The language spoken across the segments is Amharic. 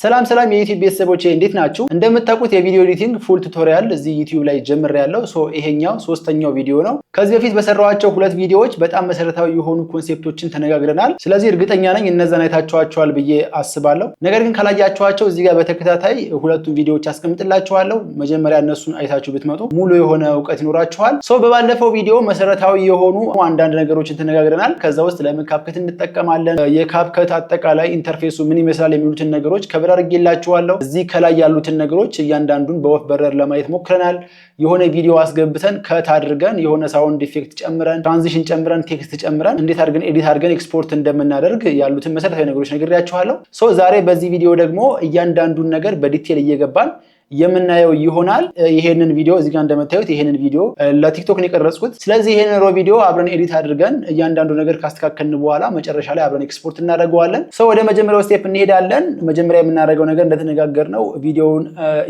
ሰላም ሰላም የዩቲዩብ ቤተሰቦች እንዴት ናችሁ? እንደምታውቁት የቪዲዮ ኤዲቲንግ ፉል ቱቶሪያል እዚህ ዩቲዩብ ላይ ጀምር ያለው ሶ ይሄኛው ሶስተኛው ቪዲዮ ነው። ከዚህ በፊት በሰራኋቸው ሁለት ቪዲዮዎች በጣም መሰረታዊ የሆኑ ኮንሴፕቶችን ተነጋግረናል። ስለዚህ እርግጠኛ ነኝ እነዛን አይታችኋቸዋል ብዬ አስባለሁ። ነገር ግን ካላያችኋቸው እዚህ ጋር በተከታታይ ሁለቱን ቪዲዮዎች አስቀምጥላችኋለሁ። መጀመሪያ እነሱን አይታችሁ ብትመጡ ሙሉ የሆነ እውቀት ይኖራችኋል። ሶ በባለፈው ቪዲዮ መሰረታዊ የሆኑ አንዳንድ ነገሮችን ተነጋግረናል። ከዛ ውስጥ ለምን ካፕከት እንጠቀማለን፣ የካፕከት አጠቃላይ ኢንተርፌሱ ምን ይመስላል የሚሉትን ነገሮች ከበር አድርጌላችኋለሁ። እዚህ ከላይ ያሉትን ነገሮች እያንዳንዱን በወፍ በረር ለማየት ሞክረናል። የሆነ ቪዲዮ አስገብተን ከት አድርገን የሆነ ሳውንድ ኢፌክት ጨምረን ትራንዚሽን ጨምረን ቴክስት ጨምረን እንዴት አድርገን ኤዲት አድርገን ኤክስፖርት እንደምናደርግ ያሉትን መሰረታዊ ነገሮች ነግሬያችኋለሁ። ሶ ዛሬ በዚህ ቪዲዮ ደግሞ እያንዳንዱን ነገር በዲቴል እየገባን የምናየው ይሆናል። ይሄንን ቪዲዮ እዚህ ጋር እንደምታዩት ይሄንን ቪዲዮ ለቲክቶክ ነው የቀረጽኩት። ስለዚህ ይሄንን ሮ ቪዲዮ አብረን ኤዲት አድርገን እያንዳንዱ ነገር ካስተካከልን በኋላ መጨረሻ ላይ አብረን ኤክስፖርት እናደርገዋለን። ሰው ወደ መጀመሪያው ስቴፕ እንሄዳለን። መጀመሪያ የምናደርገው ነገር እንደተነጋገርነው ቪዲዮውን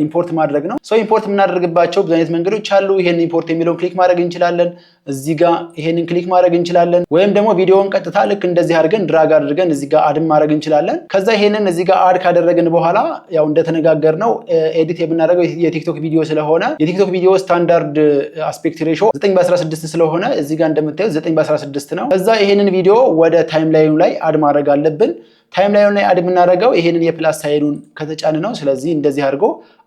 ኢምፖርት ማድረግ ነው። ሰው ኢምፖርት የምናደርግባቸው ብዙ አይነት መንገዶች አሉ። ይሄን ኢምፖርት የሚለውን ክሊክ ማድረግ እንችላለን። እዚህ ጋር ይሄንን ክሊክ ማድረግ እንችላለን። ወይም ደግሞ ቪዲዮውን ቀጥታ ልክ እንደዚህ አድርገን ድራግ አድርገን እዚህ ጋር አድን ማድረግ እንችላለን። ከዛ ይሄንን እዚህ ጋር አድ ካደረግን በኋላ ያው እንደተነጋገር ነው ኤዲት የምናደርገው የቲክቶክ ቪዲዮ ስለሆነ የቲክቶክ ቪዲዮ ስታንዳርድ አስፔክት ሬሾ 9 በ16 ስለሆነ እዚህ ጋር እንደምታዩት 9 በ16 ነው። ከዛ ይሄንን ቪዲዮ ወደ ታይም ላይኑ ላይ አድ ማድረግ አለብን። ታይም ላይን ላይ አድ የምናደርገው ይሄንን የፕላስ ሳይኑን ከተጫን ነው። ስለዚህ እንደዚህ አድርጎ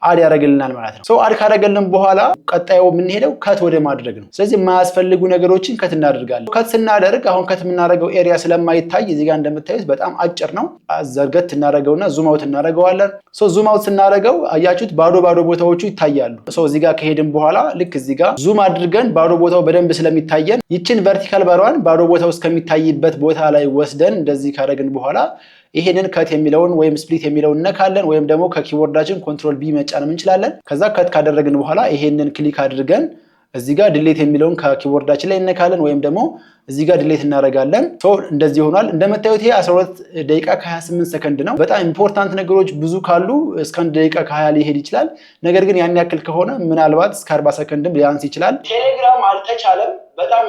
አድ ያደረግልናል ማለት ነው። ሰው አድ ካደረገልን በኋላ ቀጣዩ የምንሄደው ከት ወደ ማድረግ ነው። ስለዚህ የማያስፈልጉ ነገሮችን ከት እናደርጋለን። ከት ስናደርግ አሁን ከት የምናደርገው ኤሪያ ስለማይታይ እዚህ ጋር እንደምታዩት በጣም አጭር ነው። ዘርገት እናደርገውና ዙማውት እናደርገዋለን። ዙማውት ስናደርገው አያችሁት ባዶ ባዶ ቦታዎቹ ይታያሉ። ሰው እዚህ ጋር ከሄድን በኋላ ልክ እዚህ ጋር ዙም አድርገን ባዶ ቦታው በደንብ ስለሚታየን ይችን ቨርቲካል ባሯን ባዶ ቦታው እስከሚታይበት ቦታ ላይ ወስደን እንደዚህ ካደረግን በኋላ ይሄንን ከት የሚለውን ወይም ስፕሊት የሚለውን እነካለን ወይም ደግሞ ከኪቦርዳችን ኮንትሮል ቢ መጫንም እንችላለን። ከዛ ከት ካደረግን በኋላ ይሄንን ክሊክ አድርገን እዚህ ጋር ድሌት የሚለውን ከኪቦርዳችን ላይ እነካለን ወይም ደግሞ እዚህ ጋር ድሌት እናደርጋለን። እንደዚህ ሆኗል። እንደምታዩት ይሄ 12 ደቂቃ ከ28 ሰከንድ ነው። በጣም ኢምፖርታንት ነገሮች ብዙ ካሉ እስከ አንድ ደቂቃ ከ ሊሄድ ይችላል። ነገር ግን ያን ያክል ከሆነ ምናልባት እስከ 40 ሰከንድም ሊያንስ ይችላል። ቴሌግራም አልተቻለም በጣም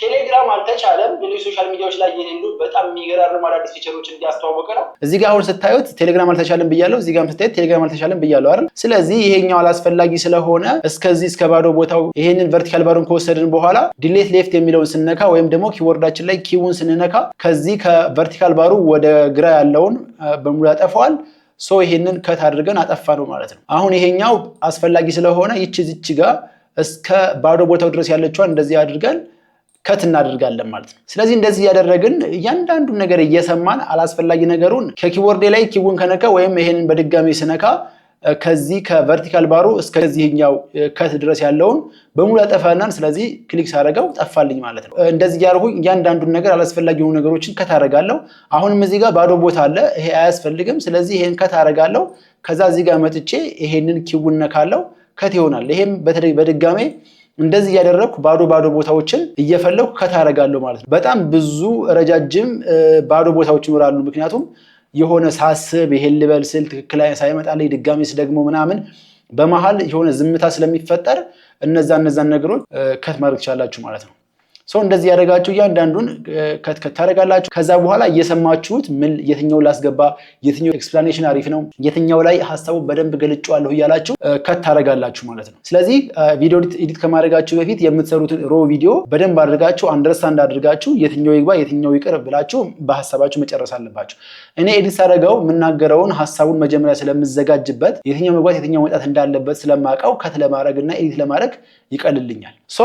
ቴሌግራም አልተቻለም። ሌሎች ሶሻል ሚዲያዎች ላይ የሌሉ በጣም የሚገራርሙ አዳዲስ ፊቸሮች እንዲያስተዋወቀ ነው። እዚህ ጋር አሁን ስታዩት ቴሌግራም አልተቻለም ብያለሁ፣ እዚህ ጋርም ስታዩት ቴሌግራም አልተቻለም ብያለሁ አይደል? ስለዚህ ይሄኛው አላስፈላጊ ስለሆነ እስከዚህ እስከ ባዶ ቦታው ይሄንን ቨርቲካል ባሩን ከወሰድን በኋላ ዲሌት ሌፍት የሚለውን ስንነካ ወይም ደግሞ ኪቦርዳችን ላይ ኪውን ስንነካ ከዚህ ከቨርቲካል ባሩ ወደ ግራ ያለውን በሙሉ ያጠፈዋል። ሶ ይሄንን ከት አድርገን አጠፋ ነው ማለት ነው። አሁን ይሄኛው አስፈላጊ ስለሆነ ይቺ ዝቺ ጋር እስከ ባዶ ቦታው ድረስ ያለችዋን እንደዚህ አድርገን ከት እናደርጋለን ማለት ነው። ስለዚህ እንደዚህ እያደረግን እያንዳንዱን ነገር እየሰማን አላስፈላጊ ነገሩን ከኪቦርዴ ላይ ኪውን ከነካ ወይም ይሄንን በድጋሚ ስነካ ከዚህ ከቨርቲካል ባሩ እስከዚህኛው ከት ድረስ ያለውን በሙሉ ያጠፋናል። ስለዚህ ክሊክ ሳደረገው ጠፋልኝ ማለት ነው። እንደዚህ ያደርጉኝ እያንዳንዱን ነገር አላስፈላጊ የሆኑ ነገሮችን ከት አደርጋለሁ። አሁንም እዚህ ጋር ባዶ ቦታ አለ፣ ይሄ አያስፈልግም። ስለዚህ ይሄን ከት አደርጋለሁ። ከዛ እዚህ ጋር መጥቼ ይሄንን ኪውን ነካለው፣ ከት ይሆናል። ይሄም በድጋሜ እንደዚህ እያደረግኩ ባዶ ባዶ ቦታዎችን እየፈለግኩ ከታረጋለሁ ማለት ነው። በጣም ብዙ ረጃጅም ባዶ ቦታዎች ይኖራሉ። ምክንያቱም የሆነ ሳስብ ይሄን ልበል ስል ትክክል ሳይመጣልኝ ድጋሚ ደግሞ ምናምን በመሀል የሆነ ዝምታ ስለሚፈጠር እነዛ እነዛን ነገሮች ከት ማድረግ ትችላላችሁ ማለት ነው። ሰው እንደዚህ ያደረጋችሁ እያንዳንዱን ከትከት ታደርጋላችሁ። ከዛ በኋላ እየሰማችሁት ምን የትኛው ላስገባ፣ የትኛው ኤክስፕላኔሽን አሪፍ ነው፣ የትኛው ላይ ሀሳቡ በደንብ ገልጬዋለሁ እያላችሁ ከት ታደርጋላችሁ ማለት ነው። ስለዚህ ቪዲዮ ኤዲት ከማድረጋችሁ በፊት የምትሰሩትን ሮ ቪዲዮ በደንብ አድርጋችሁ አንደርስታንድ አድርጋችሁ የትኛው ይግባ፣ የትኛው ይቅር ብላችሁ በሀሳባችሁ መጨረስ አለባችሁ። እኔ ኤዲት ሳደረገው የምናገረውን ሀሳቡን መጀመሪያ ስለምዘጋጅበት የትኛው መግባት የትኛው መውጣት እንዳለበት ስለማውቀው ከት ለማድረግ እና ኤዲት ለማድረግ ይቀልልኛል። ሶ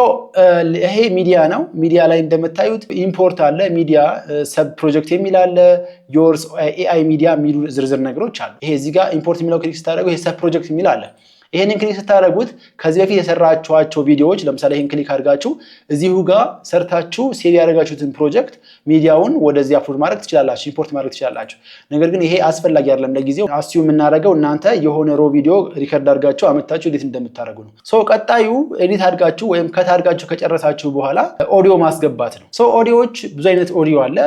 ይሄ ሚዲያ ነው። ሚዲያ ላይ እንደምታዩት ኢምፖርት አለ፣ ሚዲያ ሰብ ፕሮጀክት የሚል አለ፣ ዮርስ ኤአይ ሚዲያ የሚሉ ዝርዝር ነገሮች አሉ። ይሄ እዚህ ጋር ኢምፖርት የሚለው ክሊክ ስታደርገው ይሄ ሰብ ፕሮጀክት የሚል አለ። ይህንን ክሊክ ስታደርጉት ከዚህ በፊት የሰራችኋቸው ቪዲዮዎች ለምሳሌ ይህን ክሊክ አድርጋችሁ እዚሁ ጋር ሰርታችሁ ሴቭ ያደረጋችሁትን ፕሮጀክት ሚዲያውን ወደዚህ አፕሎድ ማድረግ ትችላላችሁ፣ ኢምፖርት ማድረግ ትችላላችሁ። ነገር ግን ይሄ አስፈላጊ አይደለም። ለጊዜው አስዩ የምናደርገው እናንተ የሆነ ሮ ቪዲዮ ሪከርድ አድርጋችሁ አመታችሁ እንዴት እንደምታደርጉ ነው። ሶ ቀጣዩ ኤዲት አድርጋችሁ ወይም ከት አድርጋችሁ ከጨረሳችሁ በኋላ ኦዲዮ ማስገባት ነው። ሶ ኦዲዮዎች ብዙ አይነት ኦዲዮ አለ።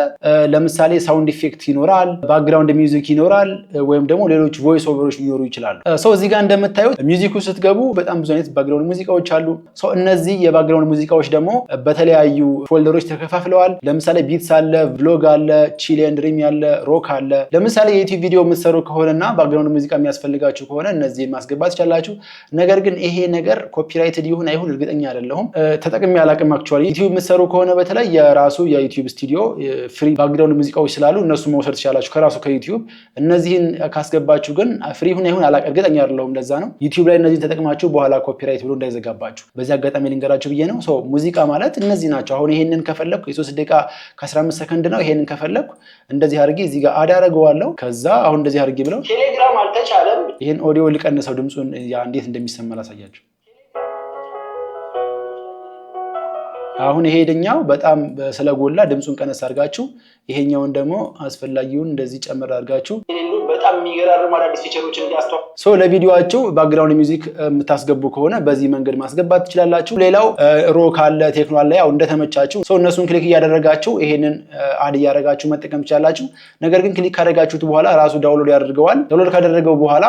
ለምሳሌ ሳውንድ ኢፌክት ይኖራል፣ ባክግራውንድ ሚውዚክ ይኖራል፣ ወይም ደግሞ ሌሎች ቮይስ ኦቨሮች ሊኖሩ ይችላሉ። ሶ እዚህ ጋር እንደምታዩት ሚዚኩ ስትገቡ በጣም ብዙ አይነት ባክግራውንድ ሙዚቃዎች አሉ። ሰው እነዚህ የባክግራውንድ ሙዚቃዎች ደግሞ በተለያዩ ፎልደሮች ተከፋፍለዋል። ለምሳሌ ቢትስ አለ፣ ቭሎግ አለ፣ ቺል ድሪም አለ፣ ሮክ አለ። ለምሳሌ የዩቲዩብ ቪዲዮ የምትሰሩ ከሆነና ባክግራውንድ ሙዚቃ የሚያስፈልጋችሁ ከሆነ እነዚህን ማስገባት ይቻላችሁ። ነገር ግን ይሄ ነገር ኮፒራይትድ ይሁን አይሁን እርግጠኛ አይደለሁም። ተጠቅሜ አላቅም። አክቹዋሊ ዩቲዩብ የምትሰሩ ከሆነ በተለይ የራሱ የዩቲዩብ ስቱዲዮ ፍሪ ባክግራውንድ ሙዚቃዎች ስላሉ እነሱ መውሰድ ትችላላችሁ ከራሱ ከዩቲዩብ። እነዚህን ካስገባችሁ ግን ፍሪ ይሁን አይሁን አላቅ እርግጠኛ አይደለሁም። ለዛ ነው ዩቲዩብ ላይ እነዚህ ተጠቅማችሁ በኋላ ኮፒራይት ብሎ እንዳይዘጋባችሁ በዚህ አጋጣሚ ልንገራችሁ ብዬ ነው። ሰው ሙዚቃ ማለት እነዚህ ናቸው። አሁን ይሄንን ከፈለግኩ የሶስት ደቂቃ ከ15 ሰከንድ ነው። ይሄንን ከፈለግኩ እንደዚህ አድርጌ እዚህ ጋር አዳረገዋለሁ። ከዛ አሁን እንደዚህ አድርጌ ብለው ቴሌግራም አልተቻለም። ይህን ኦዲዮ ልቀንሰው ድምፁን እንዴት እንደሚሰማ ላሳያችሁ። አሁን ይሄ በጣም ስለጎላ ድምፁን ቀነስ አድርጋችሁ ይሄኛውን ደግሞ አስፈላጊውን እንደዚህ ጨምር አድርጋችሁ በጣም የሚገራርሙ አዳዲስ ፊቸሮች እንዲያስተዋል ሶ ለቪዲዮችሁ ባክግራውንድ ሚዚክ የምታስገቡ ከሆነ በዚህ መንገድ ማስገባት ትችላላችሁ። ሌላው ሮ ካለ ቴክኖ አለ ያው እንደተመቻችሁ ሰው እነሱን ክሊክ እያደረጋችሁ ይሄንን አድ እያደረጋችሁ መጠቀም ትችላላችሁ። ነገር ግን ክሊክ ካደረጋችሁት በኋላ ራሱ ዳውንሎድ ያደርገዋል። ዳውንሎድ ካደረገው በኋላ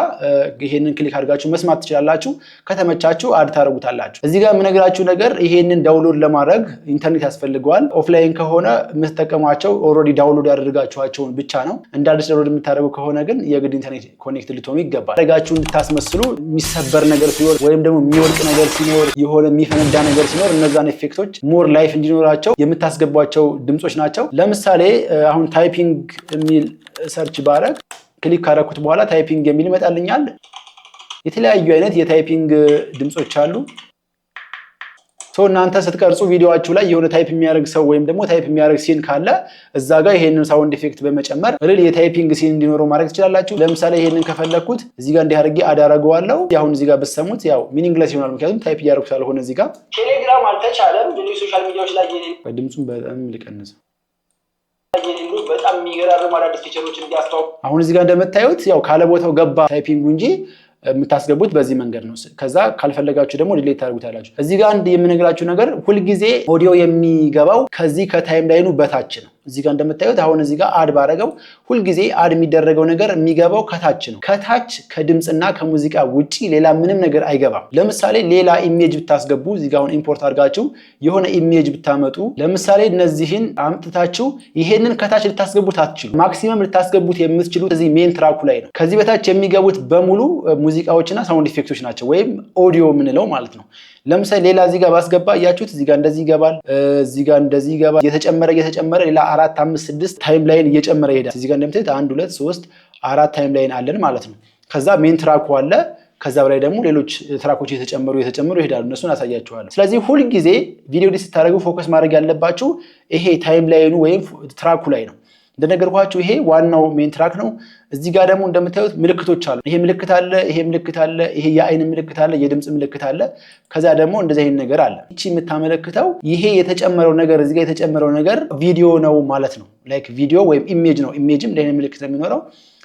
ይሄንን ክሊክ አድርጋችሁ መስማት ትችላላችሁ። ከተመቻችሁ አድ ታደረጉታላችሁ። እዚህ ጋር የምነግራችሁ ነገር ይሄንን ዳውንሎድ ለማድረግ ለማድረግ ኢንተርኔት ያስፈልገዋል። ኦፍላይን ከሆነ የምትጠቀሟቸው ኦልሬዲ ዳውንሎድ ያደርጋችኋቸውን ብቻ ነው። እንደ አዲስ ዳውንሎድ የምታደርጉ ከሆነ ግን የግድ ኢንተርኔት ኮኔክት ልትሆኑ ይገባል። አደጋችሁ እንድታስመስሉ የሚሰበር ነገር ሲኖር ወይም ደግሞ የሚወድቅ ነገር ሲኖር የሆነ የሚፈነዳ ነገር ሲኖር እነዛን ኤፌክቶች ሞር ላይፍ እንዲኖራቸው የምታስገቧቸው ድምፆች ናቸው። ለምሳሌ አሁን ታይፒንግ የሚል ሰርች ባረግ ክሊክ ካረኩት በኋላ ታይፒንግ የሚል ይመጣልኛል። የተለያዩ አይነት የታይፒንግ ድምፆች አሉ። ሰው እናንተ ስትቀርጹ ቪዲዮችሁ ላይ የሆነ ታይፕ የሚያደርግ ሰው ወይም ደግሞ ታይፕ የሚያደርግ ሲን ካለ እዛ ጋር ይሄንን ሳውንድ ኢፌክት በመጨመር እልል የታይፒንግ ሲን እንዲኖረው ማድረግ ትችላላችሁ። ለምሳሌ ይሄንን ከፈለግኩት እዚህ ጋር እንዲህ አድርጌ አዳረገዋለሁ። አሁን እዚህ ጋር ብትሰሙት ያው ሚኒንግለስ ይሆናል፣ ምክንያቱም ታይፕ እያደረጉ ስላልሆነ እዚህ ጋር ቴሌግራም አልተቻለም። ብዙ ሶሻል ሚዲያዎች ላይ ድምፁን በጣም ልቀንስ በጣም የሚገራርም አዳዲስ ፊቸሮች እንዲያስተዋውቁ አሁን እዚህ ጋር እንደምታዩት ያው ካለ ቦታው ገባ ታይፒንጉ እንጂ የምታስገቡት በዚህ መንገድ ነው። ከዛ ካልፈለጋችሁ ደግሞ ዲሌት ታደርጉታላችሁ። እዚህ ጋር አንድ የምነግራችሁ ነገር ሁልጊዜ ኦዲዮ የሚገባው ከዚህ ከታይም ላይኑ በታች ነው። እዚህ ጋር እንደምታዩት አሁን እዚህ ጋር አድ ባረገው ሁልጊዜ አድ የሚደረገው ነገር የሚገባው ከታች ነው። ከታች ከድምፅና ከሙዚቃ ውጪ ሌላ ምንም ነገር አይገባም። ለምሳሌ ሌላ ኢሜጅ ብታስገቡ እዚህ ጋር አሁን ኢምፖርት አድርጋችሁ የሆነ ኢሜጅ ብታመጡ፣ ለምሳሌ እነዚህን አምጥታችሁ ይሄንን ከታች ልታስገቡት አትችሉ። ማክሲመም ልታስገቡት የምትችሉት እዚህ ሜን ትራኩ ላይ ነው። ከዚህ በታች የሚገቡት በሙሉ ሙዚቃዎችና ሳውንድ ኢፌክቶች ናቸው፣ ወይም ኦዲዮ የምንለው ማለት ነው። ለምሳሌ ሌላ እዚህ ጋር ባስገባ እያችሁት እዚህ ጋር እንደዚህ ይገባል፣ እዚህ ጋር እንደዚህ ይገባል። እየተጨመረ እየተጨመረ ሌላ አራት አምስት ስድስት ታይም ላይን እየጨመረ ይሄዳል። እዚህ ጋር እንደምታዩት አንድ ሁለት ሶስት አራት ታይም ላይን አለን ማለት ነው። ከዛ ሜን ትራኩ አለ ከዛ በላይ ደግሞ ሌሎች ትራኮች እየተጨመሩ የተጨመሩ ይሄዳሉ። እነሱን አሳያችኋለሁ። ስለዚህ ሁልጊዜ ቪዲዮ ዲስ ስታደርጉ ፎከስ ማድረግ ያለባችሁ ይሄ ታይም ላይኑ ወይም ትራኩ ላይ ነው። እንደነገርኳችሁ ይሄ ዋናው ሜን ትራክ ነው። እዚህ ጋር ደግሞ እንደምታዩት ምልክቶች አሉ። ይሄ ምልክት አለ፣ ይሄ ምልክት አለ፣ ይሄ የአይን ምልክት አለ፣ የድምፅ ምልክት አለ። ከዛ ደግሞ እንደዚህ አይነት ነገር አለ። ይቺ የምታመለክተው ይሄ የተጨመረው ነገር እዚህ ጋር የተጨመረው ነገር ቪዲዮ ነው ማለት ነው። ላይክ ቪዲዮ ወይም ኢሜጅ ነው። ኢሜጅም እንደዚህ ምልክት ነው የሚኖረው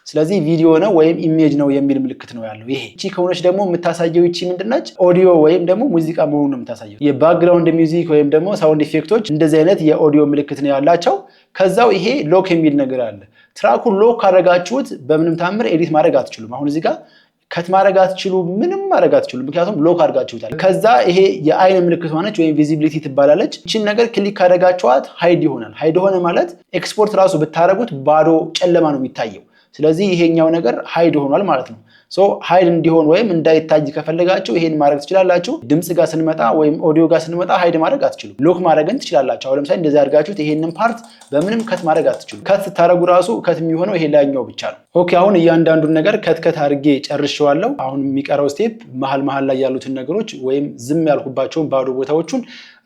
ስለዚህ ቪዲዮ ነው ወይም ኢሜጅ ነው የሚል ምልክት ነው ያለው። ይሄ እቺ ከሆነች ደግሞ የምታሳየው ይቺ ምንድናች? ኦዲዮ ወይም ደግሞ ሙዚቃ መሆኑ ነው የምታሳየው። የባክግራውንድ ሚውዚክ ወይም ደግሞ ሳውንድ ኢፌክቶች እንደዚህ አይነት የኦዲዮ ምልክት ነው ያላቸው። ከዛው ይሄ ሎክ የሚል ነገር አለ። ትራኩን ሎክ ካደረጋችሁት በምንም ታምር ኤዲት ማድረግ አትችሉም። አሁን እዚህ ጋር ከት ማድረግ አትችሉ፣ ምንም ማድረግ አትችሉ፣ ምክንያቱም ሎክ አድርጋችሁታል። ከዛ ይሄ የአይን ምልክት ሆነች ወይም ቪዚቢሊቲ ትባላለች። እችን ነገር ክሊክ ካደረጋችኋት ሀይድ ይሆናል። ሀይድ ሆነ ማለት ኤክስፖርት ራሱ ብታደረጉት ባዶ ጨለማ ነው የሚታየው ስለዚህ ይሄኛው ነገር ሀይድ ሆኗል ማለት ነው። ሶ ሀይድ እንዲሆን ወይም እንዳይታይ ከፈለጋችሁ ይሄን ማድረግ ትችላላችሁ። ድምፅ ጋር ስንመጣ ወይም ኦዲዮ ጋር ስንመጣ ሀይድ ማድረግ አትችሉ ሎክ ማድረግን ትችላላችሁ። አሁን ለምሳሌ እንደዚህ አድርጋችሁት ይሄንን ፓርት በምንም ከት ማድረግ አትችሉ። ከት ስታደረጉ ራሱ ከት የሚሆነው ይሄ ላይኛው ብቻ ነው። ኦኬ አሁን እያንዳንዱን ነገር ከትከት አድርጌ ጨርሼዋለሁ። አሁን የሚቀረው ስቴፕ መሀል መሀል ላይ ያሉትን ነገሮች ወይም ዝም ያልኩባቸውን ባዶ ቦታዎቹን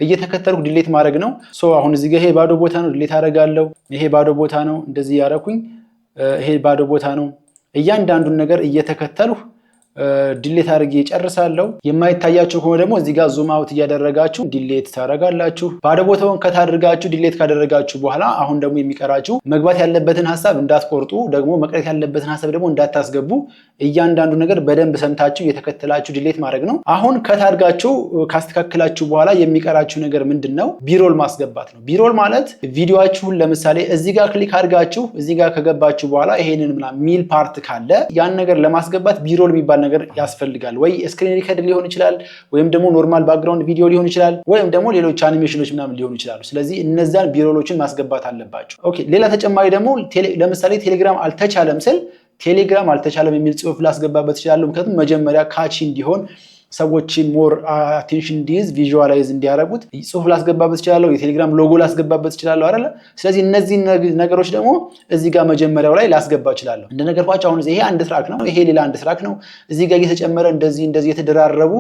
እየተከተልኩ ድሌት ማድረግ ነው። ሶ አሁን እዚህ ጋር ይሄ ባዶ ቦታ ነው፣ ድሌት አደርጋለሁ። ይሄ ባዶ ቦታ ነው፣ እንደዚህ ያደረኩኝ ይሄ ባዶ ቦታ ነው። እያንዳንዱን ነገር እየተከተልሁ ድሌት አድርጌ ጨርሳለሁ። የማይታያችሁ ከሆነ ደግሞ እዚህ ጋር ዙም አውት እያደረጋችሁ ድሌት ታደርጋላችሁ። ባዶ ቦታውን ከታድርጋችሁ ድሌት ካደረጋችሁ በኋላ አሁን ደግሞ የሚቀራችሁ መግባት ያለበትን ሀሳብ እንዳትቆርጡ፣ ደግሞ መቅረት ያለበትን ሀሳብ ደግሞ እንዳታስገቡ፣ እያንዳንዱ ነገር በደንብ ሰምታችሁ እየተከተላችሁ ድሌት ማድረግ ነው። አሁን ከታድጋችሁ ካስተካከላችሁ በኋላ የሚቀራችሁ ነገር ምንድን ነው? ቢሮል ማስገባት ነው። ቢሮል ማለት ቪዲዮችሁን ለምሳሌ እዚህ ጋር ክሊክ አድርጋችሁ እዚህ ጋር ከገባችሁ በኋላ ይሄንን ምናምን ሚል ፓርት ካለ ያን ነገር ለማስገባት ቢሮል የሚባል ነገር ያስፈልጋል። ወይ ስክሪን ሪከርድ ሊሆን ይችላል፣ ወይም ደግሞ ኖርማል ባክግራውንድ ቪዲዮ ሊሆን ይችላል፣ ወይም ደግሞ ሌሎች አኒሜሽኖች ምናምን ሊሆኑ ይችላሉ። ስለዚህ እነዛን ቢሮሎችን ማስገባት አለባቸው። ኦኬ ሌላ ተጨማሪ ደግሞ ለምሳሌ ቴሌግራም አልተቻለም ስል ቴሌግራም አልተቻለም የሚል ጽሁፍ ላስገባበት ይችላለሁ። ምክንያቱም መጀመሪያ ካቺ እንዲሆን ሰዎች ሞር አቴንሽን እንዲይዝ ቪዥዋላይዝ እንዲያደረጉት ጽሁፍ ላስገባበት እችላለሁ፣ የቴሌግራም ሎጎ ላስገባበት እችላለሁ አይደለ? ስለዚህ እነዚህ ነገሮች ደግሞ እዚህ ጋር መጀመሪያው ላይ ላስገባ እችላለሁ። እንደነገርኳቸው አሁን ይሄ አንድ ትራክ ነው፣ ይሄ ሌላ አንድ ትራክ ነው። እዚህ ጋር እየተጨመረ እንደዚህ እንደዚህ የተደራረቡ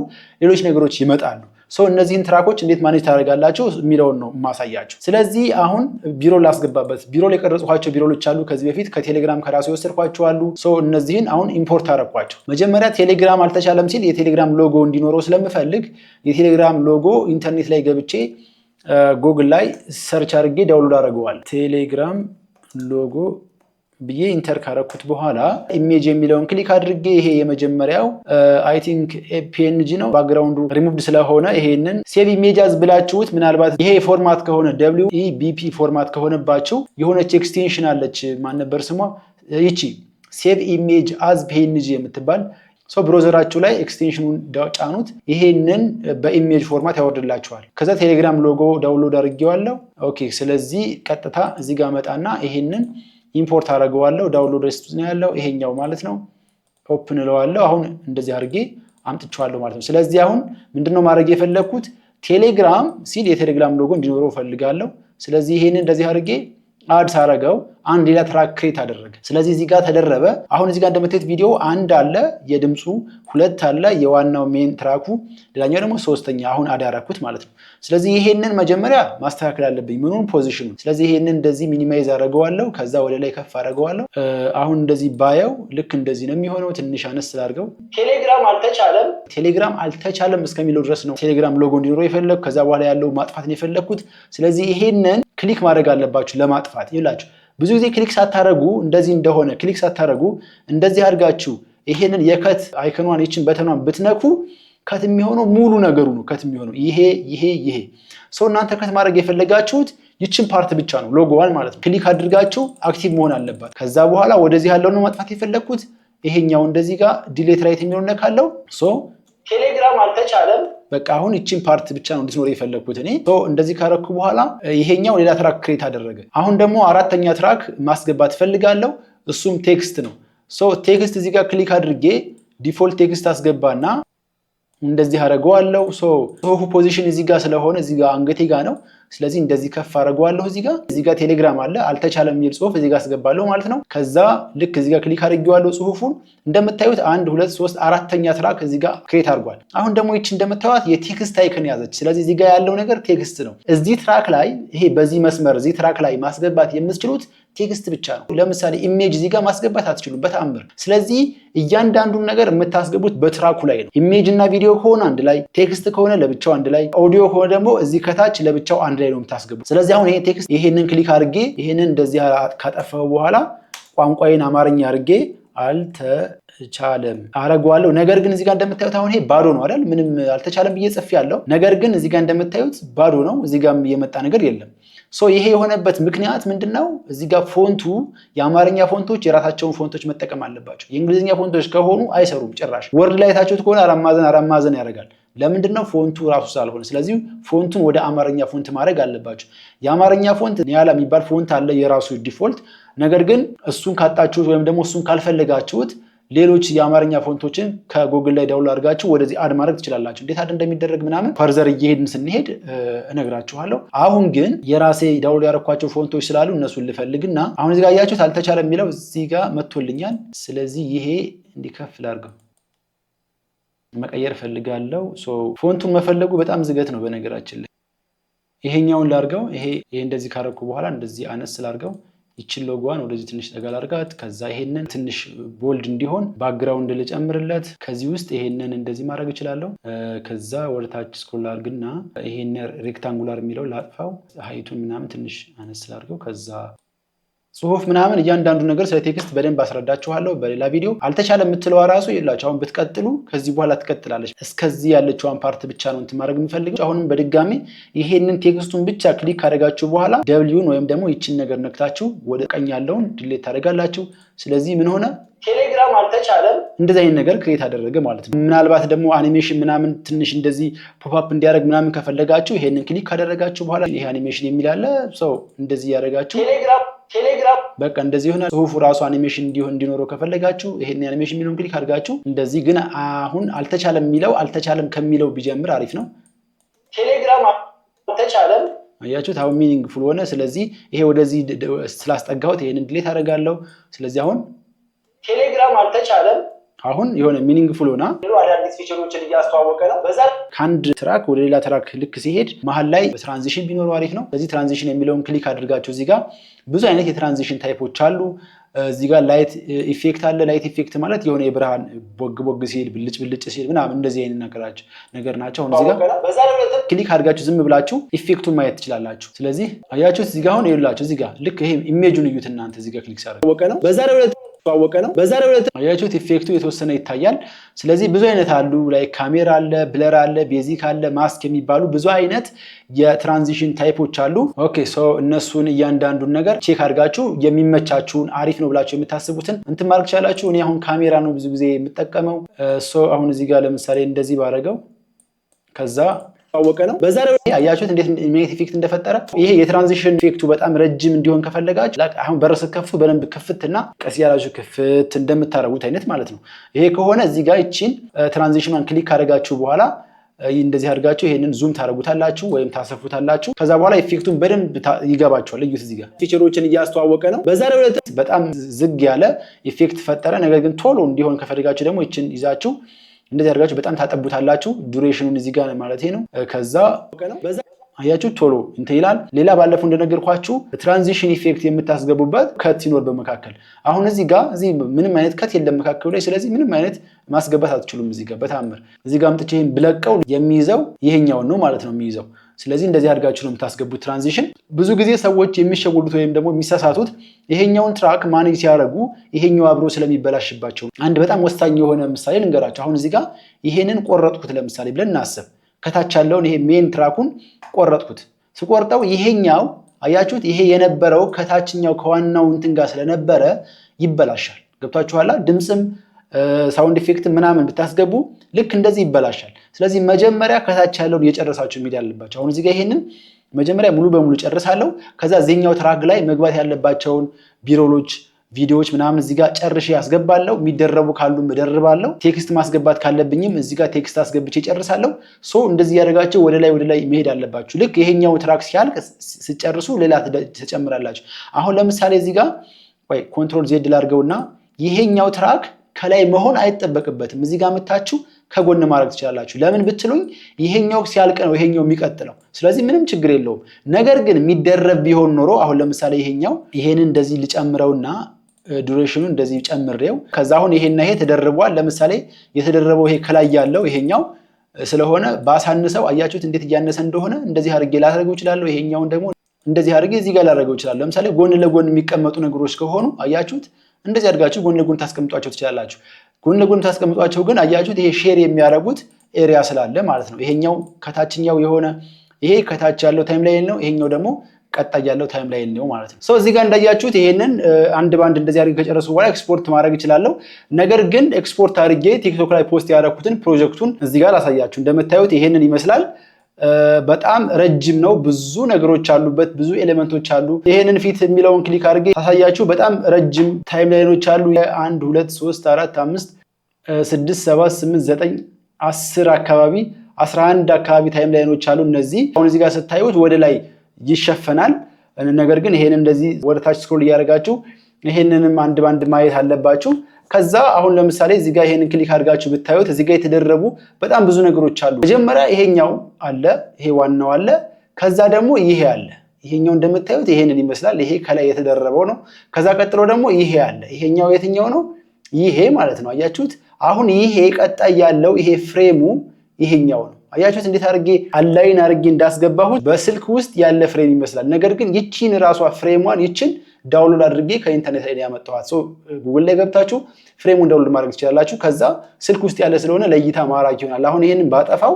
ሌሎች ነገሮች ይመጣሉ። ሰው እነዚህን ትራኮች እንዴት ማኔጅ ታደርጋላችሁ የሚለውን ነው የማሳያችሁ። ስለዚህ አሁን ቢሮ ላስገባበት ቢሮ የቀረጽኳቸው ቢሮሎች አሉ። ከዚህ በፊት ከቴሌግራም ከራሱ የወሰድኳቸው አሉ። ሰው እነዚህን አሁን ኢምፖርት አረኳቸው። መጀመሪያ ቴሌግራም አልተቻለም ሲል የቴሌግራም ሎጎ እንዲኖረው ስለምፈልግ የቴሌግራም ሎጎ ኢንተርኔት ላይ ገብቼ ጉግል ላይ ሰርች አድርጌ ዳውንሎድ አደርገዋል። ቴሌግራም ሎጎ ብዬ ኢንተር ካረኩት በኋላ ኢሜጅ የሚለውን ክሊክ አድርጌ ይሄ የመጀመሪያው አይ ቲንክ ፒኤንጂ ነው ባክግራውንዱ ሪሙቭድ ስለሆነ ይሄንን ሴቭ ኢሜጅ አዝ ብላችሁት ምናልባት ይሄ ፎርማት ከሆነ ደብሊው ኢ ቢፒ ፎርማት ከሆነባችሁ የሆነች ኤክስቴንሽን አለች ነበር ስሟ ይቺ ሴቭ ኢሜጅ አዝ ፒኤንጂ የምትባል ሰው ብሮዘራችሁ ላይ ኤክስቴንሽኑን ጫኑት። ይሄንን በኢሜጅ ፎርማት ያወርድላችኋል። ከዛ ቴሌግራም ሎጎ ዳውንሎድ አድርጌዋለሁ። ኦኬ። ስለዚህ ቀጥታ እዚህ ጋር መጣና ይሄንን ኢምፖርት አደርገዋለሁ። ዳውንሎድ ሊስት ውስጥ ነው ያለው ይሄኛው ማለት ነው። ኦፕን እለዋለሁ። አሁን እንደዚህ አድርጌ አምጥቼዋለሁ ማለት ነው። ስለዚህ አሁን ምንድነው ማድረግ የፈለግኩት ቴሌግራም ሲል የቴሌግራም ሎጎ እንዲኖረው እፈልጋለሁ። ስለዚህ ይሄን እንደዚህ አድርጌ አድ ሳረገው አንድ ሌላ ትራክ ክሬት አደረገ። ስለዚህ እዚህ ጋር ተደረበ። አሁን እዚህ ጋር እንደምታዩት ቪዲዮ አንድ አለ የድምፁ ሁለት አለ የዋናው ሜን ትራኩ፣ ሌላኛው ደግሞ ሶስተኛ አሁን አድ ያረኩት ማለት ነው። ስለዚህ ይሄንን መጀመሪያ ማስተካከል አለብኝ፣ ምኑን ፖዚሽኑ። ስለዚህ ይሄንን እንደዚህ ሚኒማይዝ አደረገዋለሁ፣ ከዛ ወደ ላይ ከፍ አደረገዋለሁ። አሁን እንደዚህ ባየው ልክ እንደዚህ ነው የሚሆነው። ትንሽ አነስ ስላድርገው። ቴሌግራም አልተቻለም፣ ቴሌግራም አልተቻለም እስከሚለው ድረስ ነው ቴሌግራም ሎጎ እንዲኖረው የፈለግኩ። ከዛ በኋላ ያለው ማጥፋት ነው የፈለግኩት። ስለዚህ ይሄንን ክሊክ ማድረግ አለባችሁ ለማጥፋት ይላችሁ። ብዙ ጊዜ ክሊክ ሳታረጉ እንደዚህ እንደሆነ ክሊክ ሳታረጉ እንደዚህ አድርጋችሁ ይሄንን የከት አይከኗን ይችን በተኗን ብትነኩ ከት የሚሆነው ሙሉ ነገሩ ነው። ከት የሚሆነው ይሄ ይሄ ይሄ ሰው እናንተ ከት ማድረግ የፈለጋችሁት ይችን ፓርት ብቻ ነው፣ ሎጎዋን ማለት ነው። ክሊክ አድርጋችሁ አክቲቭ መሆን አለባት። ከዛ በኋላ ወደዚህ ያለውን ማጥፋት የፈለግኩት ይሄኛው እንደዚህ ጋር ዲሌት ራይት የሚሆን ነካለው። ቴሌግራም አልተቻለም። በቃ አሁን ይችን ፓርት ብቻ ነው እንድትኖር የፈለግኩት እኔ። እንደዚህ ካረኩ በኋላ ይሄኛው ሌላ ትራክ ክሬት አደረገ። አሁን ደግሞ አራተኛ ትራክ ማስገባት እፈልጋለሁ። እሱም ቴክስት ነው። ቴክስት እዚህ ጋር ክሊክ አድርጌ ዲፎልት ቴክስት አስገባና እንደዚህ አደረገዋለሁ። ሶ ፖዚሽን እዚህ ጋር ስለሆነ እዚህ ጋር አንገቴ ጋር ነው ስለዚህ እንደዚህ ከፍ አድርገዋለሁ። እዚህ ጋር እዚህ ጋር ቴሌግራም አለ አልተቻለም የሚል ጽሁፍ እዚህ ጋር አስገባለሁ ማለት ነው። ከዛ ልክ እዚህ ጋር ክሊክ አድርጌዋለሁ ጽሁፉን እንደምታዩት አንድ ሁለት ሶስት አራተኛ ትራክ እዚህ ጋር ክሬት አድርጓል። አሁን ደግሞ ይች እንደምታዩት የቴክስት አይክን ያዘች። ስለዚህ እዚህ ጋር ያለው ነገር ቴክስት ነው። እዚህ ትራክ ላይ ይሄ በዚህ መስመር እዚህ ትራክ ላይ ማስገባት የምትችሉት ቴክስት ብቻ ነው። ለምሳሌ ኢሜጅ እዚህ ጋር ማስገባት አትችሉም በተአምር። ስለዚህ እያንዳንዱን ነገር የምታስገቡት በትራኩ ላይ ነው። ኢሜጅ እና ቪዲዮ ከሆነ አንድ ላይ፣ ቴክስት ከሆነ ለብቻው አንድ ላይ፣ ኦዲዮ ከሆነ ደግሞ እዚህ ከታች ለብቻው አንድ ላይ ነው የምታስገቡት። ስለዚህ አሁን ይሄ ቴክስት ይሄንን ክሊክ አድርጌ ይሄንን እንደዚህ ካጠፋው በኋላ ቋንቋዬን አማርኛ አድርጌ አልተቻለም አረጓለሁ። ነገር ግን እዚጋ እንደምታዩት አሁን ይሄ ባዶ ነው አይደል? ምንም አልተቻለም ብዬ ጽፌ ያለው ነገር ግን እዚጋ እንደምታዩት ባዶ ነው። እዚጋም የመጣ ነገር የለም። ሶ ይሄ የሆነበት ምክንያት ምንድን ነው? እዚህ ጋር ፎንቱ የአማርኛ ፎንቶች የራሳቸውን ፎንቶች መጠቀም አለባቸው። የእንግሊዝኛ ፎንቶች ከሆኑ አይሰሩም። ጭራሽ ወርድ ላይ የታችሁት ከሆነ አራማዘን አራማዘን ያደርጋል። ለምንድን ነው ፎንቱ ራሱ ስላልሆነ። ስለዚህ ፎንቱን ወደ አማርኛ ፎንት ማድረግ አለባቸው። የአማርኛ ፎንት ኒያላ የሚባል ፎንት አለ የራሱ ዲፎልት። ነገር ግን እሱን ካጣችሁት ወይም ደግሞ እሱን ካልፈለጋችሁት ሌሎች የአማርኛ ፎንቶችን ከጎግል ላይ ዳውንሎድ አድርጋችሁ ወደዚህ አድ ማድረግ ትችላላችሁ። እንዴት አድ እንደሚደረግ ምናምን ፈርዘር እየሄድን ስንሄድ እነግራችኋለሁ። አሁን ግን የራሴ ዳውንሎድ ያደረኳቸው ፎንቶች ስላሉ እነሱን ልፈልግና አሁን እዚህ ጋር እያችሁት አልተቻለ የሚለው እዚህ ጋር መጥቶልኛል። ስለዚህ ይሄ እንዲከፍ ላድርገው መቀየር እፈልጋለሁ። ፎንቱን መፈለጉ በጣም ዝገት ነው በነገራችን ላይ። ይሄኛውን ላድርገው። ይሄ እንደዚህ ካረኩ በኋላ እንደዚህ አነስ ላድርገው። ይችን ሎጎዋን ወደዚህ ትንሽ ጠጋ ላርጋት። ከዛ ይሄንን ትንሽ ቦልድ እንዲሆን ባክግራውንድ ልጨምርለት። ከዚህ ውስጥ ይሄንን እንደዚህ ማድረግ እችላለሁ። ከዛ ወደ ታች ስኮል አርግና ይሄን ሬክታንጉላር የሚለው ላጥፋው። ሀይቱን ምናምን ትንሽ አነስ ላርገው። ከዛ ጽሁፍ ምናምን እያንዳንዱ ነገር ስለ ቴክስት በደንብ አስረዳችኋለሁ በሌላ ቪዲዮ። አልተቻለ የምትለዋ ራሱ የላችሁ አሁን ብትቀጥሉ ከዚህ በኋላ ትቀጥላለች። እስከዚህ ያለችዋን ፓርት ብቻ ነው እንትን ማድረግ የምፈልገው። አሁንም በድጋሚ ይሄንን ቴክስቱን ብቻ ክሊክ ካደረጋችሁ በኋላ ደብሊውን ወይም ደግሞ ይችን ነገር ነክታችሁ ወደ ቀኝ ያለውን ድሌት ታደርጋላችሁ። ስለዚህ ምን ሆነ ቴሌግራም አልተቻለም። እንደዚህ አይነት ነገር ክሬት አደረገ ማለት ነው። ምናልባት ደግሞ አኒሜሽን ምናምን ትንሽ እንደዚህ ፖፕአፕ እንዲያደርግ ምናምን ከፈለጋችሁ ይሄንን ክሊክ ካደረጋችሁ በኋላ ይሄ አኒሜሽን የሚል አለ። ሰው እንደዚህ እያደረጋችሁ ቴሌግራም በቃ እንደዚህ የሆነ ጽሁፉ ራሱ አኒሜሽን እንዲሆን እንዲኖረው ከፈለጋችሁ ይሄን አኒሜሽን የሚለውን ክሊክ አድርጋችሁ እንደዚህ። ግን አሁን አልተቻለም የሚለው አልተቻለም ከሚለው ቢጀምር አሪፍ ነው። ቴሌግራም አልተቻለም አያችሁት? አሁን ፉል ሆነ። ስለዚህ ይሄ ወደዚህ ስላስጠጋሁት ይሄንን ድሌት አደርጋለሁ። ስለዚህ አሁን ቴሌግራም አልተቻለም። አሁን የሆነ ፉል ሆና አዳዲስ ፊቸሮችን እያስተዋወቀ ነው። በዛ ከአንድ ትራክ ወደ ሌላ ትራክ ልክ ሲሄድ መሀል ላይ ትራንዚሽን ቢኖረው አሪፍ ነው። ስለዚህ ትራንዚሽን የሚለውን ክሊክ አድርጋችሁ እዚህ ጋር ብዙ አይነት የትራንዚሽን ታይፖች አሉ። እዚህ ጋር ላይት ኢፌክት አለ። ላይት ኢፌክት ማለት የሆነ የብርሃን ቦግ ቦግ ሲል ብልጭ ብልጭ ሲል ምናምን እንደዚህ አይነት ነገራቸው ነገር ናቸው። እዚህ ጋር ክሊክ አድርጋችሁ ዝም ብላችሁ ኢፌክቱን ማየት ትችላላችሁ። ስለዚህ አያችሁት፣ እዚህ ጋር አሁን ይኸውላችሁ፣ እዚህ ጋር ልክ ይሄ ኢሜጁን እዩት እናንተ እዚህ ጋር ክሊክ ሳደርግ ነው በዛሬው ዕለት የተዋወቀ ነው። በዛሬው ዕለት ያችሁት ኢፌክቱ የተወሰነ ይታያል። ስለዚህ ብዙ አይነት አሉ ላይ ካሜራ አለ፣ ብለር አለ፣ ቤዚክ አለ፣ ማስክ የሚባሉ ብዙ አይነት የትራንዚሽን ታይፖች አሉ። ኦኬ ሶ እነሱን እያንዳንዱን ነገር ቼክ አድርጋችሁ የሚመቻችሁን አሪፍ ነው ብላችሁ የምታስቡትን እንትን ማድረግ ቻላችሁ። እኔ አሁን ካሜራ ነው ብዙ ጊዜ የምጠቀመው። ሶ አሁን እዚህ ጋር ለምሳሌ እንደዚህ ባረገው ከዛ ታወቀ ነው። በዛ ላይ ያያችሁት እንዴት ሜት ኢፌክት እንደፈጠረ ይሄ የትራንዚሽን ኢፌክቱ በጣም ረጅም እንዲሆን ከፈለጋችሁ አሁን በር ስትከፍቱ በደንብ ክፍትና ቀስ ያላችሁ ክፍት እንደምታደርጉት አይነት ማለት ነው። ይሄ ከሆነ እዚህ ጋር ይቺን ትራንዚሽኗን ክሊክ ካደረጋችሁ በኋላ እንደዚህ አድርጋችሁ ይሄንን ዙም ታደርጉታላችሁ ወይም ታሰፉታላችሁ። ከዛ በኋላ ኢፌክቱን በደንብ ይገባችኋል። እዩት፣ እዚህ ጋር ፊቸሮችን እያስተዋወቀ ነው። በዛሬው ዕለት በጣም ዝግ ያለ ኢፌክት ፈጠረ። ነገር ግን ቶሎ እንዲሆን ከፈልጋችሁ ደግሞ ይችን ይዛችሁ እንደዚህ አድርጋችሁ በጣም ታጠቡታላችሁ። ዱሬሽኑን እዚህ ጋር ማለት ነው። ከዛ አያችሁ ቶሎ እንትን ይላል። ሌላ ባለፈው እንደነገርኳችሁ ትራንዚሽን ኢፌክት የምታስገቡበት ከት ሲኖር በመካከል አሁን እዚህ ጋር እዚህ ምንም አይነት ከት የለም መካከሉ ላይ። ስለዚህ ምንም አይነት ማስገባት አትችሉም እዚህ ጋር በታምር። እዚህ ጋር አምጥቼ ብለቀው የሚይዘው ይሄኛውን ነው ማለት ነው የሚይዘው ስለዚህ እንደዚህ አድርጋችሁ ነው የምታስገቡት ትራንዚሽን። ብዙ ጊዜ ሰዎች የሚሸወዱት ወይም ደግሞ የሚሳሳቱት ይሄኛውን ትራክ ማኔጅ ሲያደርጉ ይሄኛው አብሮ ስለሚበላሽባቸው። አንድ በጣም ወሳኝ የሆነ ምሳሌ ልንገራቸው። አሁን እዚህ ጋር ይሄንን ቆረጥኩት ለምሳሌ ብለን እናስብ። ከታች ያለውን ይሄ ሜን ትራኩን ቆረጥኩት። ስቆርጠው ይሄኛው አያችሁት፣ ይሄ የነበረው ከታችኛው ከዋናው እንትን ጋር ስለነበረ ይበላሻል። ገብታችኋላ? ድምፅም ሳውንድ ኢፌክት ምናምን ብታስገቡ ልክ እንደዚህ ይበላሻል። ስለዚህ መጀመሪያ ከታች ያለውን የጨረሳችሁ ሚድ ያለባቸው አሁን እዚጋ ይሄንን መጀመሪያ ሙሉ በሙሉ ጨርሳለሁ። ከዛ ዜኛው ትራክ ላይ መግባት ያለባቸውን ቢሮሎች ቪዲዮዎች ምናምን እዚህ ጋር ጨርሼ ያስገባለሁ። የሚደረቡ ካሉ እደርባለሁ። ቴክስት ማስገባት ካለብኝም እዚህ ጋር ቴክስት አስገብቼ ጨርሳለሁ። ሶ እንደዚህ ያደረጋቸው ወደ ላይ ወደ ላይ መሄድ አለባችሁ። ልክ ይሄኛው ትራክ ሲያልቅ ስጨርሱ ሌላ ትጨምራላችሁ። አሁን ለምሳሌ እዚህ ጋር ወይ ኮንትሮል ዜድ ላድርገውና ይሄኛው ትራክ ከላይ መሆን አይጠበቅበትም። እዚህ ጋር ምታችሁ ከጎን ማድረግ ትችላላችሁ። ለምን ብትሉኝ ይሄኛው ሲያልቅ ነው ይሄኛው የሚቀጥለው። ስለዚህ ምንም ችግር የለውም። ነገር ግን የሚደረብ ቢሆን ኖሮ አሁን ለምሳሌ ይሄኛው ይሄንን እንደዚህ ልጨምረውና ዱሬሽኑ እንደዚህ ጨምሬው ከዛ አሁን ይሄና ይሄ ተደርቧል። ለምሳሌ የተደረበው ይሄ ከላይ ያለው ይሄኛው ስለሆነ ባሳንሰው፣ አያችሁት እንዴት እያነሰ እንደሆነ። እንደዚህ አድርጌ ላደርገው እችላለሁ። ይሄኛውን ደግሞ እንደዚህ አድርጌ እዚህ ጋር ላደርገው እችላለሁ። ለምሳሌ ጎን ለጎን የሚቀመጡ ነገሮች ከሆኑ አያችሁት እንደዚህ አድርጋችሁ ጎን ለጎን ታስቀምጧቸው ትችላላችሁ። ጎን ለጎን ታስቀምጧቸው ግን አያችሁት፣ ይሄ ሼር የሚያደርጉት ኤሪያ ስላለ ማለት ነው። ይሄኛው ከታችኛው የሆነ ይሄ ከታች ያለው ታይም ላይን ነው፣ ይሄኛው ደግሞ ቀጣይ ያለው ታይም ላይን ነው ማለት ነው። ሰው እዚህ ጋር እንዳያችሁት ይሄንን አንድ ባንድ እንደዚህ አድርገ ከጨረሱ በኋላ ኤክስፖርት ማድረግ እችላለሁ። ነገር ግን ኤክስፖርት አድርጌ ቲክቶክ ላይ ፖስት ያደረኩትን ፕሮጀክቱን እዚህ ጋር ላሳያችሁ። እንደምታዩት ይሄንን ይመስላል። በጣም ረጅም ነው። ብዙ ነገሮች አሉበት፣ ብዙ ኤሌመንቶች አሉ። ይህንን ፊት የሚለውን ክሊክ አድርጌ ታሳያችሁ። በጣም ረጅም ታይም ላይኖች አሉ። አንድ ሁለት ሶስት አራት አምስት ስድስት ሰባት ስምንት ዘጠኝ አስር አካባቢ አስራ አንድ አካባቢ ታይም ላይኖች አሉ። እነዚህ አሁን እዚህ ጋር ስታዩት ወደ ላይ ይሸፈናል። ነገር ግን ይህንን እንደዚህ ወደ ታች ስክሮል እያደረጋችሁ ይሄንንም አንድ ባንድ ማየት አለባችሁ። ከዛ አሁን ለምሳሌ እዚህ ጋር ይሄንን ክሊክ አድርጋችሁ ብታዩት እዚህ ጋር የተደረቡ በጣም ብዙ ነገሮች አሉ። መጀመሪያ ይሄኛው አለ፣ ይሄ ዋናው አለ። ከዛ ደግሞ ይሄ አለ። ይሄኛው እንደምታዩት ይሄንን ይመስላል። ይሄ ከላይ የተደረበው ነው። ከዛ ቀጥሎ ደግሞ ይሄ አለ። ይሄኛው የትኛው ነው? ይሄ ማለት ነው። አያችሁት? አሁን ይሄ ቀጣይ ያለው ይሄ ፍሬሙ ይሄኛው ነው። አያችሁት? እንዴት አድርጌ አላይን አድርጌ እንዳስገባሁት በስልክ ውስጥ ያለ ፍሬም ይመስላል። ነገር ግን ይቺን ራሷ ፍሬሟን ይችን ዳውንሎድ አድርጌ ከኢንተርኔት ላይ ያመጣኋት። ጉግል ላይ ገብታችሁ ፍሬሙን ዳውንሎድ ማድረግ ትችላላችሁ። ከዛ ስልክ ውስጥ ያለ ስለሆነ ለእይታ ማራኪ ይሆናል። አሁን ይህንን ባጠፋው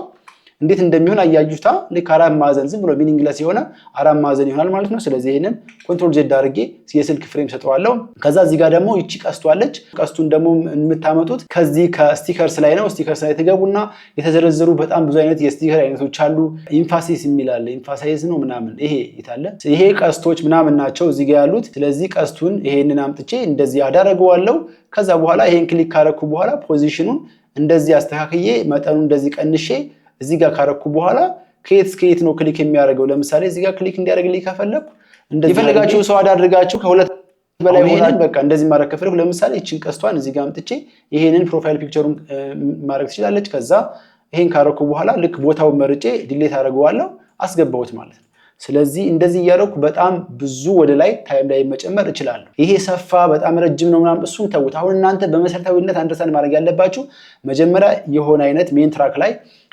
እንዴት እንደሚሆን አያጁታ ልክ አራት ማዕዘን ዝም ብሎ ሚኒንግለስ የሆነ አራት ማዕዘን ይሆናል ማለት ነው። ስለዚህ ይህንን ኮንትሮል ዜድ አድርጌ የስልክ ፍሬም ሰጠዋለሁ። ከዛ እዚህ ጋር ደግሞ ይቺ ቀስቷለች። ቀስቱን ደግሞ የምታመጡት ከዚህ ከስቲከርስ ላይ ነው። ስቲከርስ ላይ ትገቡና የተዘረዘሩ በጣም ብዙ አይነት የስቲከር አይነቶች አሉ። ኢንፋሲስ የሚላለ ኢንፋሳይዝ ነው ምናምን ይሄ ይታለ ይሄ ቀስቶች ምናምን ናቸው እዚህ ጋር ያሉት። ስለዚህ ቀስቱን ይሄንን አምጥቼ እንደዚህ አዳረገዋለሁ። ከዛ በኋላ ይሄን ክሊክ ካረኩ በኋላ ፖዚሽኑን እንደዚህ አስተካክዬ መጠኑ እንደዚህ ቀንሼ እዚህ ጋር ካረኩ በኋላ ከየት እስከየት ነው ክሊክ የሚያደርገው? ለምሳሌ እዚህ ጋር ክሊክ እንዲያደርግልኝ ከፈለኩ የፈለጋችሁ ሰው አዳድርጋችሁ ከሁለት በላይ ሆናል። በቃ እንደዚህ ማድረግ ከፈለኩ ለምሳሌ ይችን ቀስቷን እዚህ ጋር አምጥቼ ይሄንን ፕሮፋይል ፒክቸሩን ማድረግ ትችላለች። ከዛ ይሄን ካረኩ በኋላ ልክ ቦታው መርጬ ድሌት አደርገዋለሁ፣ አስገባሁት ማለት ነው። ስለዚህ እንደዚህ እያደረኩ በጣም ብዙ ወደ ላይ ታይም ላይ መጨመር እችላለሁ። ይሄ ሰፋ በጣም ረጅም ነው ምናምን እሱን ተውት። አሁን እናንተ በመሰረታዊነት አንደርስታንድ ማድረግ ያለባችሁ መጀመሪያ የሆነ አይነት ሜን ትራክ ላይ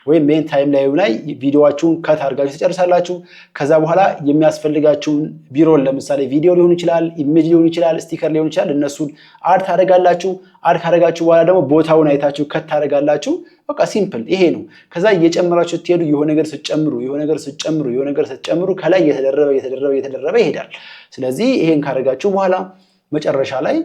ወይም ሜን ታይም ላይ ላይ ቪዲዮዋችሁን ከት አድርጋችሁ ትጨርሳላችሁ። ከዛ በኋላ የሚያስፈልጋችሁን ቢሮን ለምሳሌ ቪዲዮ ሊሆን ይችላል፣ ኢሜጅ ሊሆን ይችላል፣ ስቲከር ሊሆን ይችላል። እነሱን አድ ታደርጋላችሁ። አድ ካደረጋችሁ በኋላ ደግሞ ቦታውን አይታችሁ ከት ታደርጋላችሁ። በቃ ሲምፕል ይሄ ነው። ከዛ እየጨመራችሁ ስትሄዱ የሆነ ነገር ስትጨምሩ የሆነ ነገር ስትጨምሩ የሆነ ነገር ስትጨምሩ ከላይ እየተደረበ እየተደረበ እየተደረበ ይሄዳል። ስለዚህ ይሄን ካደረጋችሁ በኋላ መጨረሻ ላይ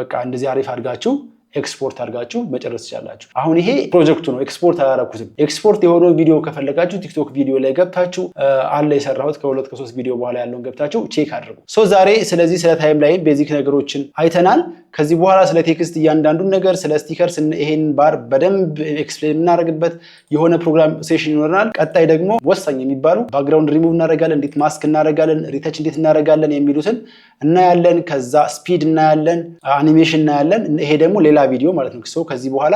በቃ እንደዚህ አሪፍ አድርጋችሁ ኤክስፖርት አድርጋችሁ መጨረስ ትችላላችሁ። አሁን ይሄ ፕሮጀክቱ ነው፣ ኤክስፖርት አላረኩትም። ኤክስፖርት የሆነ ቪዲዮ ከፈለጋችሁ ቲክቶክ ቪዲዮ ላይ ገብታችሁ አለ የሰራሁት ከሁለት ከሶስት ቪዲዮ በኋላ ያለውን ገብታችሁ ቼክ አድርጉ። ሶ ዛሬ ስለዚህ ስለ ታይም ላይን ቤዚክ ነገሮችን አይተናል። ከዚህ በኋላ ስለ ቴክስት እያንዳንዱን ነገር ስለ ስቲከርስ ይሄን ባር በደንብ ኤክስፕሌን የምናደርግበት የሆነ ፕሮግራም ሴሽን ይኖረናል። ቀጣይ ደግሞ ወሳኝ የሚባሉ ባክግራውንድ ሪሙቭ እናደርጋለን፣ እንዴት ማስክ እናደርጋለን፣ ሪተች እንዴት እናደርጋለን የሚሉትን እናያለን። ከዛ ስፒድ እናያለን፣ አኒሜሽን እናያለን። ይሄ ደግሞ ሌላ ሌላ ቪዲዮ ማለት ነው። ከዚህ በኋላ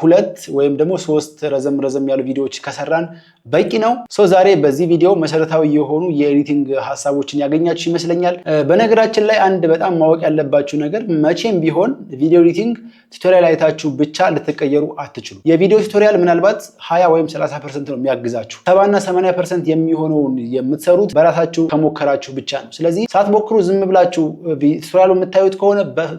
ሁለት ወይም ደግሞ ሶስት ረዘም ረዘም ያሉ ቪዲዮዎች ከሰራን በቂ ነው። ሰው ዛሬ በዚህ ቪዲዮ መሰረታዊ የሆኑ የኤዲቲንግ ሀሳቦችን ያገኛችሁ ይመስለኛል። በነገራችን ላይ አንድ በጣም ማወቅ ያለባችሁ ነገር መቼም ቢሆን ቪዲዮ ኤዲቲንግ ቱቶሪያል አይታችሁ ብቻ ልትቀየሩ አትችሉ። የቪዲዮ ቱቶሪያል ምናልባት ሀያ ወይም ሰላሳ ፐርሰንት ነው የሚያግዛችሁ። ሰባና ሰማንያ ፐርሰንት የሚሆነውን የምትሰሩት በራሳችሁ ከሞከራችሁ ብቻ ነው። ስለዚህ ሳትሞክሩ ዝም ብላችሁ ቱቶሪያሉ የምታዩት ከሆነ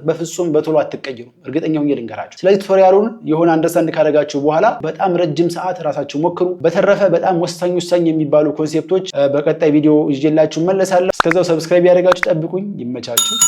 በፍጹም በቶሎ አትቀየሩ። እርግጠኛ ልንገራችሁ። ስለዚህ ቱቶሪያሉን ሀሳቡን አንደርስታንድ ካደረጋችሁ በኋላ በጣም ረጅም ሰዓት ራሳችሁ ሞክሩ። በተረፈ በጣም ወሳኝ ወሳኝ የሚባሉ ኮንሴፕቶች በቀጣይ ቪዲዮ ይዤላችሁ መለሳለሁ። እስከዛው ሰብስክራይብ ያደረጋችሁ ጠብቁኝ። ይመቻችሁ።